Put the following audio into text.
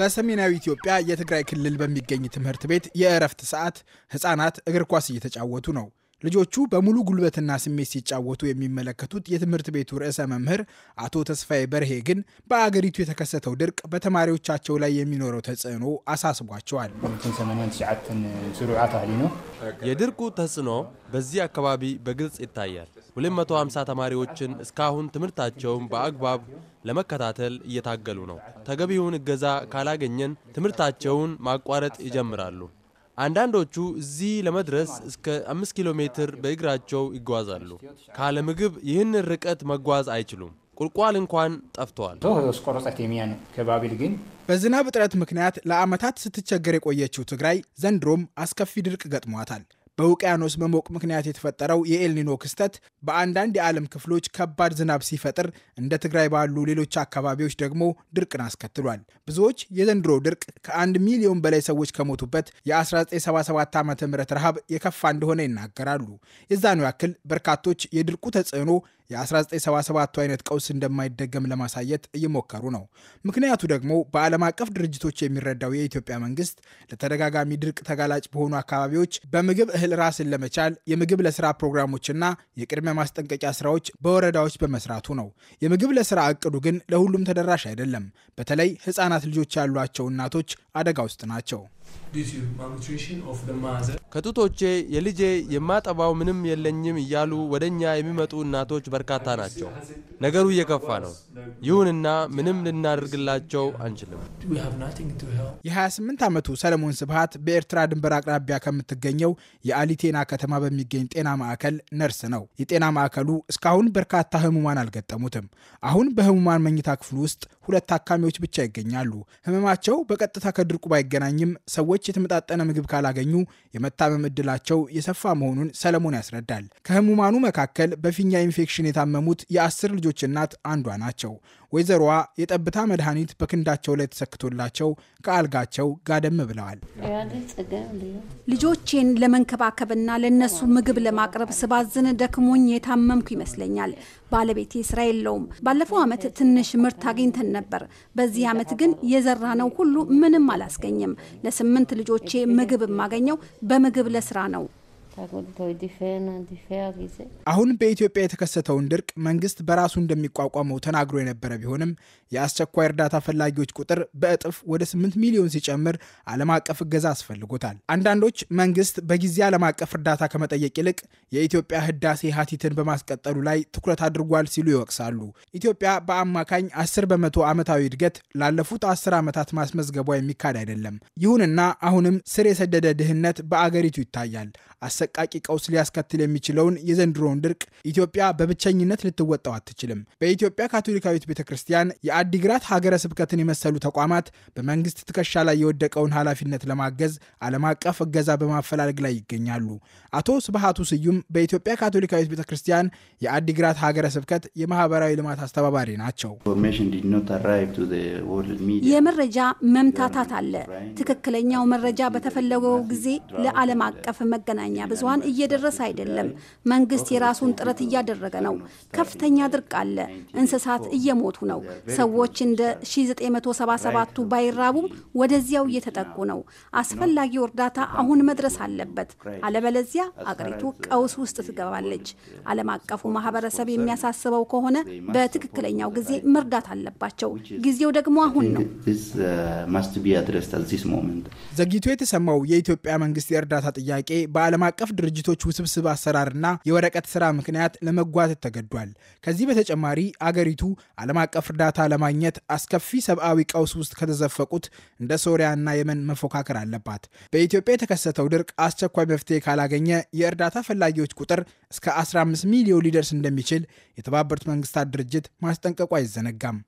በሰሜናዊ ኢትዮጵያ የትግራይ ክልል በሚገኝ ትምህርት ቤት የእረፍት ሰዓት ህጻናት እግር ኳስ እየተጫወቱ ነው። ልጆቹ በሙሉ ጉልበትና ስሜት ሲጫወቱ የሚመለከቱት የትምህርት ቤቱ ርዕሰ መምህር አቶ ተስፋዬ በርሄ ግን በአገሪቱ የተከሰተው ድርቅ በተማሪዎቻቸው ላይ የሚኖረው ተጽዕኖ አሳስቧቸዋል። የድርቁ ተጽዕኖ በዚህ አካባቢ በግልጽ ይታያል። 250 ተማሪዎችን እስካሁን ትምህርታቸውን በአግባብ ለመከታተል እየታገሉ ነው። ተገቢውን እገዛ ካላገኘን ትምህርታቸውን ማቋረጥ ይጀምራሉ። አንዳንዶቹ እዚህ ለመድረስ እስከ አምስት ኪሎ ሜትር በእግራቸው ይጓዛሉ። ካለ ምግብ ይህንን ርቀት መጓዝ አይችሉም። ቁልቋል እንኳን ጠፍተዋል። በዝናብ እጥረት ምክንያት ለዓመታት ስትቸገር የቆየችው ትግራይ ዘንድሮም አስከፊ ድርቅ ገጥሟታል። በውቅያኖስ መሞቅ ምክንያት የተፈጠረው የኤልኒኖ ክስተት በአንዳንድ የዓለም ክፍሎች ከባድ ዝናብ ሲፈጥር እንደ ትግራይ ባሉ ሌሎች አካባቢዎች ደግሞ ድርቅን አስከትሏል። ብዙዎች የዘንድሮ ድርቅ ከአንድ ሚሊዮን በላይ ሰዎች ከሞቱበት የ1977 ዓ ም ረሃብ የከፋ እንደሆነ ይናገራሉ። የዛኑ ያክል በርካቶች የድርቁ ተጽዕኖ የ1977 አይነት ቀውስ እንደማይደገም ለማሳየት እየሞከሩ ነው። ምክንያቱ ደግሞ በዓለም አቀፍ ድርጅቶች የሚረዳው የኢትዮጵያ መንግስት ለተደጋጋሚ ድርቅ ተጋላጭ በሆኑ አካባቢዎች በምግብ እህል ራስን ለመቻል የምግብ ለስራ ፕሮግራሞችና የቅድመ ማስጠንቀቂያ ስራዎች በወረዳዎች በመስራቱ ነው። የምግብ ለስራ እቅዱ ግን ለሁሉም ተደራሽ አይደለም። በተለይ ህጻናት ልጆች ያሏቸው እናቶች አደጋ ውስጥ ናቸው። ከጡቶቼ የልጄ የማጠባው ምንም የለኝም እያሉ ወደ እኛ የሚመጡ እናቶች በርካታ ናቸው። ነገሩ እየከፋ ነው። ይሁንና ምንም ልናደርግላቸው አንችልም። የ28 ዓመቱ ሰለሞን ስብሃት በኤርትራ ድንበር አቅራቢያ ከምትገኘው የአሊቴና ከተማ በሚገኝ ጤና ማዕከል ነርስ ነው። የጤና ማዕከሉ እስካሁን በርካታ ህሙማን አልገጠሙትም። አሁን በህሙማን መኝታ ክፍሉ ውስጥ ሁለት ታካሚዎች ብቻ ይገኛሉ። ህመማቸው በቀጥታ ከድርቁ ባይገናኝም ሰዎች የተመጣጠነ ምግብ ካላገኙ የመታመም እድላቸው የሰፋ መሆኑን ሰለሞን ያስረዳል። ከህሙማኑ መካከል በፊኛ ኢንፌክሽን የታመሙት የአስር ልጆች እናት አንዷ ናቸው። ወይዘሮዋ የጠብታ መድኃኒት በክንዳቸው ላይ ተሰክቶላቸው ከአልጋቸው ጋደም ብለዋል። ልጆቼን ለመንከባከብና ለነሱ ምግብ ለማቅረብ ስባዝን ደክሞኝ የታመምኩ ይመስለኛል። ባለቤቴ ስራ የለውም። ባለፈው ዓመት ትንሽ ምርት አግኝተን ነበር። በዚህ ዓመት ግን ነው ሁሉ ምንም አላስገኝም። ለስምንት ልጆቼ ምግብ የማገኘው በምግብ ለስራ ነው። አሁን በኢትዮጵያ የተከሰተውን ድርቅ መንግስት በራሱ እንደሚቋቋመው ተናግሮ የነበረ ቢሆንም የአስቸኳይ እርዳታ ፈላጊዎች ቁጥር በእጥፍ ወደ 8 ሚሊዮን ሲጨምር ዓለም አቀፍ እገዛ አስፈልጎታል። አንዳንዶች መንግስት በጊዜ ዓለም አቀፍ እርዳታ ከመጠየቅ ይልቅ የኢትዮጵያ ህዳሴ ሀቲትን በማስቀጠሉ ላይ ትኩረት አድርጓል ሲሉ ይወቅሳሉ። ኢትዮጵያ በአማካኝ 10 በመቶ ዓመታዊ እድገት ላለፉት 10 ዓመታት ማስመዝገቧ የሚካድ አይደለም። ይሁንና አሁንም ስር የሰደደ ድህነት በአገሪቱ ይታያል። አሰቃቂ ቀውስ ሊያስከትል የሚችለውን የዘንድሮውን ድርቅ ኢትዮጵያ በብቸኝነት ልትወጣው አትችልም። በኢትዮጵያ ካቶሊካዊት ቤተ ክርስቲያን የአዲግራት ሀገረ ስብከትን የመሰሉ ተቋማት በመንግስት ትከሻ ላይ የወደቀውን ኃላፊነት ለማገዝ ዓለም አቀፍ እገዛ በማፈላለግ ላይ ይገኛሉ። አቶ ስብሃቱ ስዩም በኢትዮጵያ ካቶሊካዊት ቤተ ክርስቲያን የአዲግራት ሀገረ ስብከት የማህበራዊ ልማት አስተባባሪ ናቸው። የመረጃ መምታታት አለ። ትክክለኛው መረጃ በተፈለገው ጊዜ ለዓለም አቀፍ መገናኛ ብዙሀን እየደረሰ አይደለም። መንግስት የራሱን ጥረት እያደረገ ነው። ከፍተኛ ድርቅ አለ። እንስሳት እየሞቱ ነው። ሰዎች እንደ 1977ቱ ባይራቡም ወደዚያው እየተጠቁ ነው። አስፈላጊው እርዳታ አሁን መድረስ አለበት። አለበለዚያ አገሪቱ ቀውስ ውስጥ ትገባለች። ዓለም አቀፉ ማህበረሰብ የሚያሳስበው ከሆነ በትክክለኛው ጊዜ መርዳት አለባቸው። ጊዜው ደግሞ አሁን ነው። uh, ዘግይቶ የተሰማው የኢትዮጵያ መንግስት የእርዳታ ጥያቄ በዓለም አቀፍ አቀፍ ድርጅቶች ውስብስብ አሰራርና የወረቀት ስራ ምክንያት ለመጓተት ተገዷል። ከዚህ በተጨማሪ አገሪቱ ዓለም አቀፍ እርዳታ ለማግኘት አስከፊ ሰብአዊ ቀውስ ውስጥ ከተዘፈቁት እንደ ሶሪያና የመን መፎካከር አለባት። በኢትዮጵያ የተከሰተው ድርቅ አስቸኳይ መፍትሄ ካላገኘ የእርዳታ ፈላጊዎች ቁጥር እስከ 15 ሚሊዮን ሊደርስ እንደሚችል የተባበሩት መንግስታት ድርጅት ማስጠንቀቁ አይዘነጋም።